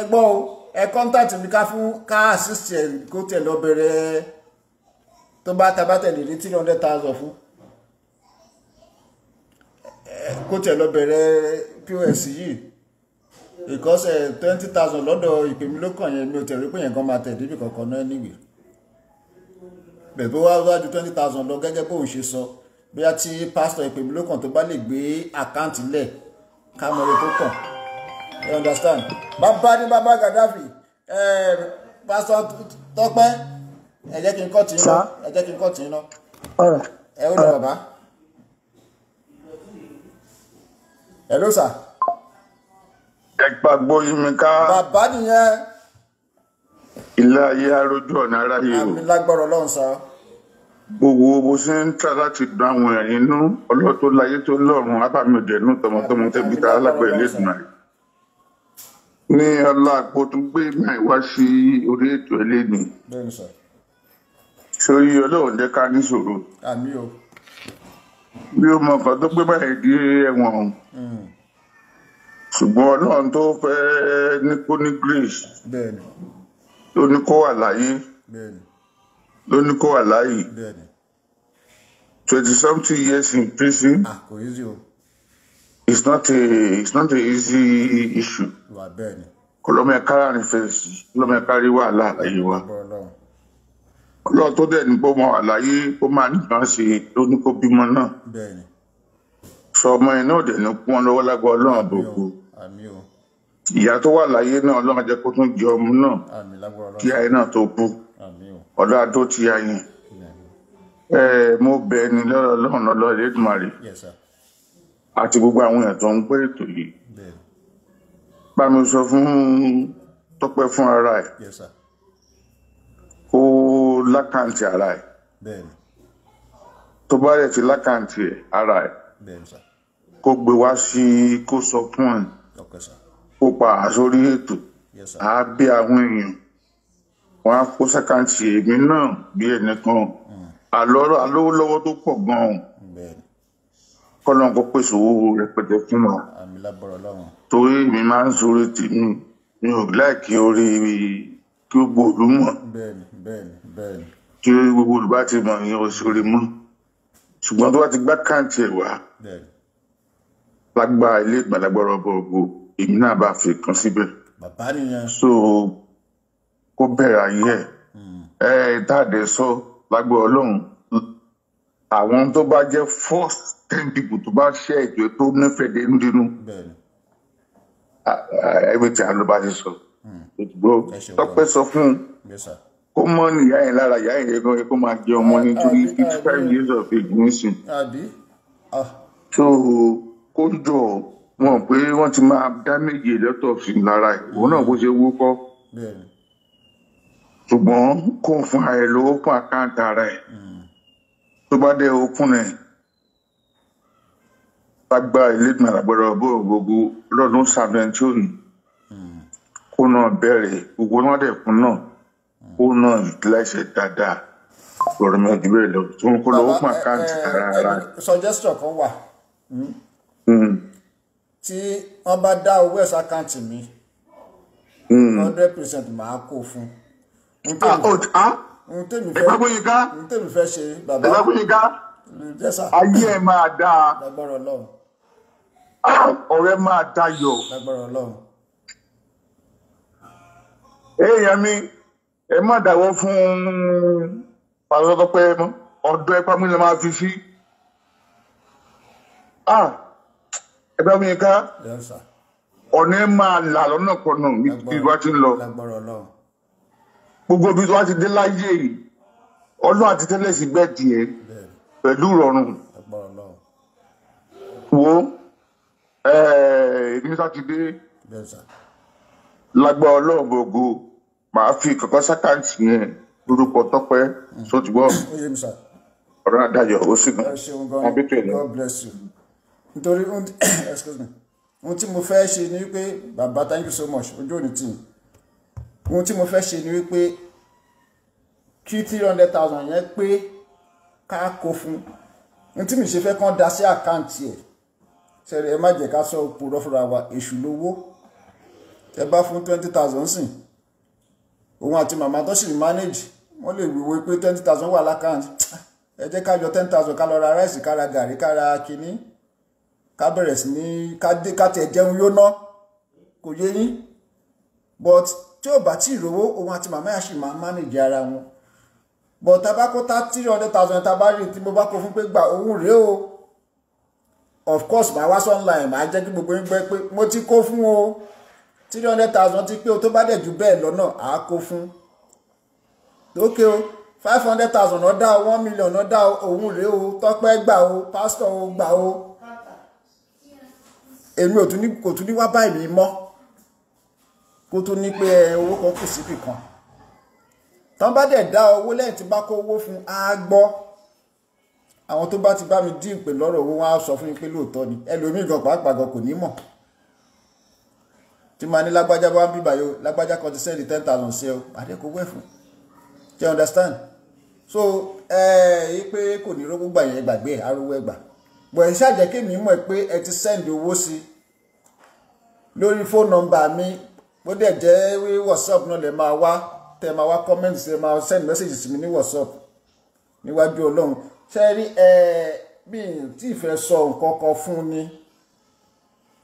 ẹgbọ́n o ẹ kọ́ńtàtì mi ká fún ká assist ẹ̀ kó tẹ̀ lọ bẹ̀rẹ̀ tó bá ta bá tẹ̀lé ní three hundred thousand fún kó tẹ̀ lọ bẹ̀rẹ̀ POS yìí because eh, twenty thousand lọ́dọ̀ ìpèmí ló kàn yẹn mi ò tẹ̀rí pé yẹn gan máa tẹ̀ débi kankan náà níwèé bẹ̀ẹ̀ bó wá wájú twenty thousand lọ gẹ́gẹ́ bóun ṣe sọ bóyá tí pásítọ̀ ìpèmí ló kàn tó bá lè gbé àkáǹtì lẹ̀ ká mọ iye tó kàn you understand bàbá ní bàbá Gaddafi eh, pásítọ̀ tọ́pẹ́ ẹ jẹ́ kí n kọ́ tì í ná ẹ jẹ́ kí n kọ́ tì í ná ẹ ó lọ bàbá hello sir ẹ̀pà gboyún mi ká. bàbá nìyẹn. ilé ayé arójú ọ̀nà aráyé o. àmì lágbára ọlọ́run sá. gbogbo bó ṣe ń tà láti dùn àwọn ẹ̀rín inú ọlọ́run láyé tó lọ́run ábàmì òdẹ̀nú tọmọtọmọ tẹ́bí ká alágbẹ̀ ilé ìdùnnà rẹ̀. ní ọlá àpò tó wá sí orí ètò ẹlẹ́ni. sórí ọlọ́run jẹ́ ká níṣòro. àmì o. bí o mọ̀ nǹkan tó gbé báyìí dé ẹ̀wọ̀n hmm ṣùgbọ́n ọlọ́run tó fẹ́ ní kó ní grace ló ní kó wà láyé ló ní kó wà láyé twenty something years in prison ah, it's not a it's not a easy issue kọlọmọ ẹka láàrin fèsì kọlọmọ ẹka rí wàhálà àlàyé wa ọlọ́run tó dẹ̀ ní kó mọ àlàyé kó máa nìkan ṣe ló ní kó bímọ náà sọ ọmọ yẹn náà dẹ̀ ní kún ọ lọ́wọ́ lágbọ́ ọlọ́run àbòkù àmín o ìyá tó wà láyé náà ọlọ́run jẹ́ kó tún jẹ ọmọ náà kí ayé náà tó bú ọ̀dọ́ adó ti ayin mo bẹ ẹni lọ́rọ̀ ọlọ́run ọlọ́run Elédùmarè àti gbogbo àwọn èèyàn tó ń gbé ètò yìí bá mi sọ fún Tọ́pẹ́ fún ara ẹ̀ kó lákàntì ara ẹ̀ tó bá rẹ̀ ti lákàntì ara ẹ̀ kó gbé wá sí kó sọ fún ẹ̀ kópa àsórí ètò á bí àwọn èèyàn wọn á kó sákàǹtì èmi náà bí ẹnìkan hmm. àlọ́rọ̀ alówó lọ́wọ́ tó pọ̀ gan-an kọ́lọ́n kó pèsè owó rẹpẹtẹ fún wa torí mi máa ń sọ̀rọ̀ tèmi mi ò láìkí orí kí ó gbòòlù mọ̀ kí gbogbo olùbá ti mọ̀ ìyẹn òṣèré mọ́ ṣùgbọ́n tó bá ti gbá kàǹtì ẹ̀ wá lágbára ilé ìgbàlagbára ọba ògo èmi náà bá fi kan síbẹ̀. bàbá nìyẹn. so kó bẹ̀rẹ̀ ayé ẹ̀ hmm. ẹ̀ dáàdé sọ lágbára ọlọ́run àwọn tó bá jẹ́ first ten people tó bá ṣe ètò tó nífẹ̀ẹ́ dénú dénú everything ló bá hmm. ti sọ òtúgbò tọpẹ sọ fún un kó mọ ìyá yẹn lára ìyá yẹn gan kó máa jẹ ọmọ nítorí fifty five years of age nísìn ah. so kó jọ wọn pé wọn ti máa dá méje lọ́tọ̀ sí lára ẹ òun náà bó ṣe wú kọ ṣùgbọ́n kó fún ààrẹ lówó fún àkáǹtì ara ẹ tó bá dé okùn rẹ lágbá ìlẹ́gbọ̀n àgbẹ̀rẹ̀ ọ̀bọ̀ gbogbo lọ́dún sàbẹ̀ntìrì kó náà bẹ̀rẹ̀ gbogbo náà dẹ̀ kún náà kó náà láìṣẹ̀ dáadáa lọ́rọ̀ mi ò jù bẹ́ẹ̀ lọ tó ń kó lọ́wọ́ fún àkáǹtì ara rẹ. suggestion kan wà. Hmm? Mm. tí wọ́n bá dá owó ẹ̀sà àkáǹtì mi mm. hundred percent màá kó fún un tèmi ah, oh, ah. fẹ́ un tèmi fẹ́ ṣe bàbá ayé ẹ máa dáa ah, ọ̀rẹ́ máa dayọ̀ èèyàn mi ẹ má dáwọ́ fún pàṣẹ tó pẹ́ ọ̀dọ́ ẹ pamílẹ̀ máa fi sí. Ah, ẹgbẹ́ mi ká ọ̀nà ẹ̀ máa là lọ́nà pọ̀nà níbi wá ti ń lọ gbogbo ibi tó wá ti dé láyé ọlọ́run àti tẹ́lẹ̀ sí bẹ́ẹ̀ tiẹ̀ pẹ̀lú ìrọ̀rùn wo ní sátidé lágbá ọlọ́run gbogbo màá fi kọ̀kọ́ sákàǹtì yẹn lórúkọ tọ́pẹ́ sọ́tùbọ́ mm. ọ̀rọ̀ adájọ́ ó sì gan-an abẹ́tẹ̀ lọ. God bless you nítorí excuse me ohun tí mo fẹ́ ṣe ni wípé bàbá thank you so much ojú òní tì ohun tí mo fẹ́ ṣe ni wípé kí three hundred thousand yẹn pé ká kó fún ohun tí mi ṣe fẹ́ kán da sí àkáǹtì ẹ̀ ṣẹlẹ̀ ẹ má jẹ́ ká sọ òpùrọ́ fúnra èṣù lówó ẹ bá fún twenty thousand sìn òun àti màmá tó sì manage wọ́n lè wíwo pé twenty thousand wà lákàǹtì ẹ jẹ́ ká yọ ten thousand ká lọ ra ráìsì ká ra gàrí ká ra kínní ká bẹ̀rẹ̀ sí ní ká tiẹ̀ jẹun yó ná kò yé yín but tí ò bá tí ì rówó òun àti màmá yà máa manage ara wọn but tá a hundred thousand tá a bá rí tí mo bá kó fún pé gbà òun rèé o of course màá wá online màá jẹ́ kí gbogbo yín gbọ́ pé mo ti kó fún o three hundred thousand ti pé o tó bá dẹ̀ ju bẹ́ẹ̀ lọ́nà á kó fún lókè o five hundred thousand ọ̀dà o one million ọ̀dà o òun rèé o tọ́pẹ́ gbà o pásítọ̀ o gbà o èmi ò tún ní kò tún ní wá báyìí mi mọ́ kó tún ní pé eh, owó kan kù síbì kan tán bá dẹ̀ dá owó lẹ́yìn tí bá kó owó fún á gbọ́ àwọn tó bá ti bá mi dín pè lọ́rọ̀ owó wọn á sọ fún mi pé lóòótọ́ ni ẹlòmíì gan pàápàá gan kò ní mọ̀ tí màá ní lágbájá bá ń bíbà yó lágbájá kan ti sẹ́ẹ̀dì ten thousand sí ẹ o àdẹ́kọ̀ owó ẹ̀ fún ṣe understand so ẹ eh, ẹ pé kò ní rówó gbà yẹn gbàgbé àrówó ẹ̀ gbà bọ̀ ẹ̀ ṣàjẹ́ kí mi mọ̀ pé ẹ ti send owó sí lórí fóònù nọ́mbà mi bó dẹ̀ jẹ́ wí whatsapp náà lè máa wá tẹ́ máa wá comment tẹ́ máa send message sí mi ní whatsapp níwájú ọlọ́run ṣe rí ẹ bí n tí ì fẹ́ sọ nǹkan kan fún ni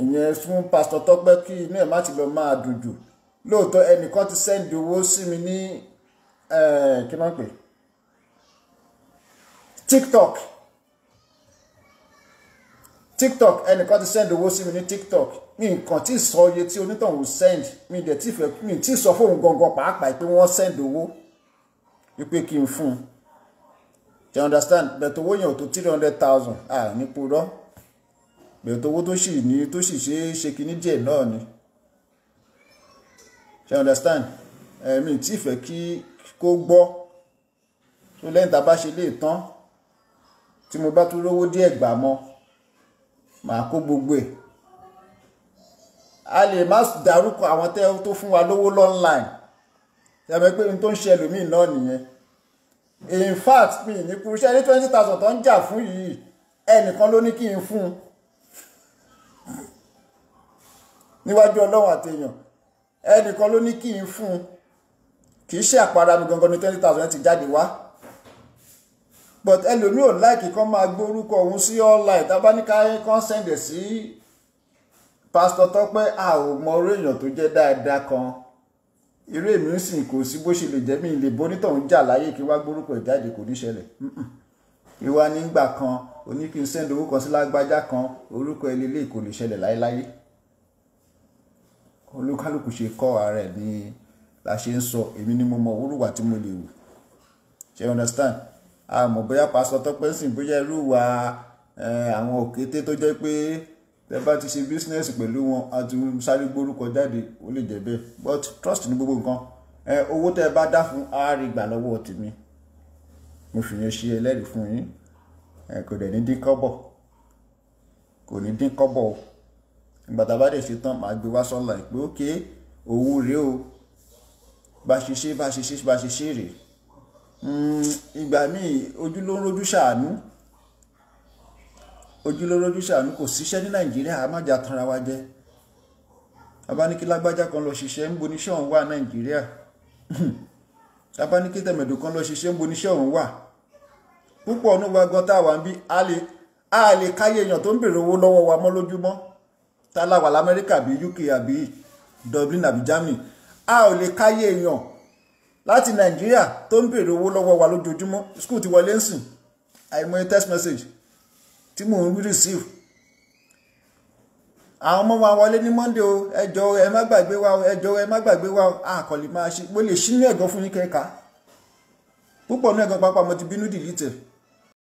ìyẹn fún pásítọ̀ tọ́pẹ́ kí inú ẹ̀ má ti lọ máa dùjù lóòótọ́ ẹnìkan ti send owó sí mi ní kí n máa pè tiktok tiktok ẹnìkan ti send owó sí mi ní tiktok mi nǹkan tí sọ iye tí onítọ̀hún send mi dẹ̀ tí fẹ́ mi tí sọ fóun gangan pàápàá pé wọ́n send owó wípé kí n fún un you understand bẹ̀tẹ̀ owó yẹn ò tó three hundred thousand à ní purọ́ bẹ̀tẹ̀ owó tó sì ní tó sì ṣe é ṣe kíní díẹ̀ náà ni you understand ẹ̀mí tí fẹ́ kí kó gbọ́ tó lẹ́yìn tá a bá ṣe lè tán tí mo bá tún rówó díẹ̀ gbà mọ́ màá kó gbogbo ẹ̀ a lè má dárúkọ àwọn tẹ́ tó fún wa lówó online yàgbẹ́ pé n tó ń ṣe ẹlòmíì náà nìyẹn in fact mi ní kú iṣẹ́ ní twenty thousand tó ń jà fún yìí ẹnìkan ló ní kí n fún un níwájú ọlọ́run àtẹ̀yàn ẹnìkan ló ní kí n fún un kì í ṣe àpárá mi gangan ní twenty thousand ti jáde wá but ẹlòmíì ò láìkì kan máa gbórúkọ òun sí online tábáníkà kan sẹ̀ǹdẹ̀ sí pásítọ̀ Tọ́pẹ́ a ò mọ orí èèyàn tó jẹ́ dáadáa kan eré mi ń sìn kò sí bó ṣe lè jẹ́ mi lè bonítọ̀hún jà láyé kí wá gbórúkọ ẹ̀ jáde kò ní ṣẹlẹ̀ ìwà nígbà kan oní kí n sẹ́ndì owó kan sí lágbájá kan orúkọ ẹlẹ́lẹ́ kò lè ṣẹlẹ̀ láéláé olúkálùkù ṣe kọ́ ara ẹ̀ ní la ṣe ń sọ èmi ni mo mọ orúwà tí mo lè wù ṣe understand a mọ̀ bóyá pásítọ̀ tọ́pẹ́ sìn bóyá irú wa àwọn òkété tó jẹ́ pé tẹ bá ti ṣe bísínẹ́sì pẹ̀lú wọn àti sáré gbórúkọ jáde ó lè jẹ́ bẹ́ẹ̀ but trust ní gbogbo nǹkan owó tẹ bá dá fún ààrẹ ìgbà lọ́wọ́ tèmi mo fi yẹn ṣe ẹlẹ́rìí fún yín kò dẹ̀ ní dín kọ́bọ̀ kò ní dín kọ́bọ̀ o ìgbà tá a bá dẹ̀ ṣe tán màá gbé wá sọ́la ìpè ókè owó rèé o bá ṣe ṣe bá ṣe ṣe bá ṣe ṣe rèé Hmm, ìgbà míì ojú ló ń rojú ṣàánú ojú ló ń rojú ṣàánú kò síṣẹ́ ní nàìjíríà a má jà tanra wa jẹ abáníkí lágbájá kan lọ ṣiṣẹ́ ń boniṣẹ́ òun wà nàìjíríà abáníkí tẹ̀mẹ̀dù kan lọ ṣiṣẹ́ ń boniṣẹ́ òun wà púpọ̀ ní gbogbo tá a wà ń bí a lè káyé èèyàn tó ń bèrè owó lọ́wọ́ wa mọ́ lójúmọ́ tá a láwà lamẹ́ríkà àbí UK àbí Dublin àbí Germany a ò lè káyé èèyàn láti nàìjíríà tó ń béèrè owó lọ́wọ́ wa lójoojúmọ́ school ti wọlé ń sìn àìmọye text message tí mò ń receive àwọn ọmọ wa wọlé ní monday o ẹ jọ̀ọ́ ẹ má gbàgbé wa o ẹ jọ̀ọ́ ẹ má gbàgbé wa o àkọlì máa ṣe mo lè ṣí ní ẹ̀gàn fún yín kẹ́ka púpọ̀ ní ẹ̀gàn pápá mo ti bínú dìlítẹ̀